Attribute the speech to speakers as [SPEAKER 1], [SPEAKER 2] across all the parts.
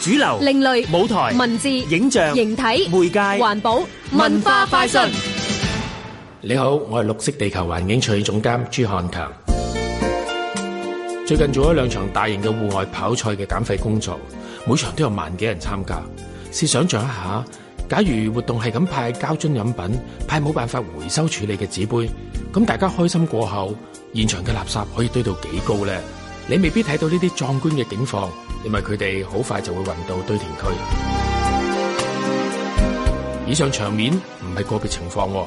[SPEAKER 1] 主流、另類、舞台、文字、影像、形體、媒介、環保、文化快訊。你好，我係綠色地球環境創意總監朱漢強。最近做咗兩場大型嘅戶外跑賽嘅減廢工作，每場都有萬幾人參加。試想象一下，假如活動係咁派膠樽飲品，派冇辦法回收處理嘅紙杯，咁大家開心過後，現場嘅垃圾可以堆到幾高咧？你未必睇到呢啲壯觀嘅景況。因為佢哋好快就會運到堆填區。以上場面唔係個別情況，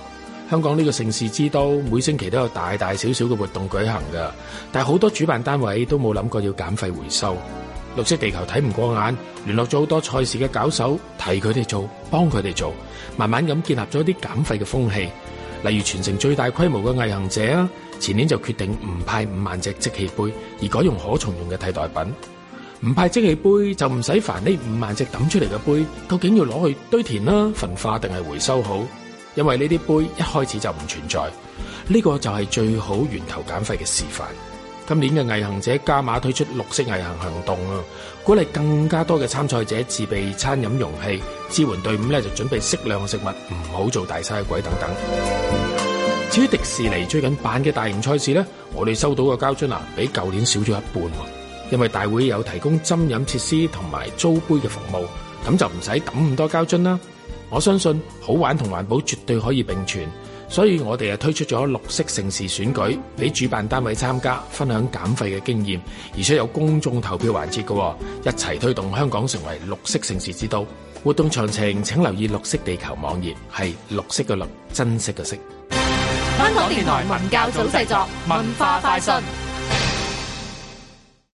[SPEAKER 1] 香港呢個城市之都，每星期都有大大小小嘅活動舉行噶，但係好多主辦單位都冇諗過要減廢回收。綠色地球睇唔過眼，聯絡咗好多賽事嘅搞手，提佢哋做，幫佢哋做，慢慢咁建立咗啲減廢嘅風氣。例如全城最大規模嘅毅行者啊，前年就決定唔派五萬隻即棄杯，而改用可重用嘅替代品。唔派蒸氣杯就唔使煩呢五萬隻抌出嚟嘅杯，究竟要攞去堆填啦、啊、焚化定係回收好？因為呢啲杯一開始就唔存在，呢、這個就係最好源頭減廢嘅示範。今年嘅毅行者加碼推出綠色毅行行動啊，鼓勵更加多嘅參賽者自備餐飲容器，支援隊伍咧就準備適量嘅食物，唔好做大嘥鬼等等。至於迪士尼最近辦嘅大型賽事咧，我哋收到嘅膠樽啊，比舊年少咗一半。因為大會有提供針飲設施同埋租杯嘅服務，咁就唔使抌咁多膠樽啦。我相信好玩同環保絕對可以並存，所以我哋啊推出咗綠色城市選舉俾主辦單位參加，分享減廢嘅經驗，而且有公眾投票環節嘅，一齊推動香港成為綠色城市之都。活動詳情請留意綠色地球網頁，係綠色嘅綠，珍惜嘅惜。香港電台文教組製作，文化快訊。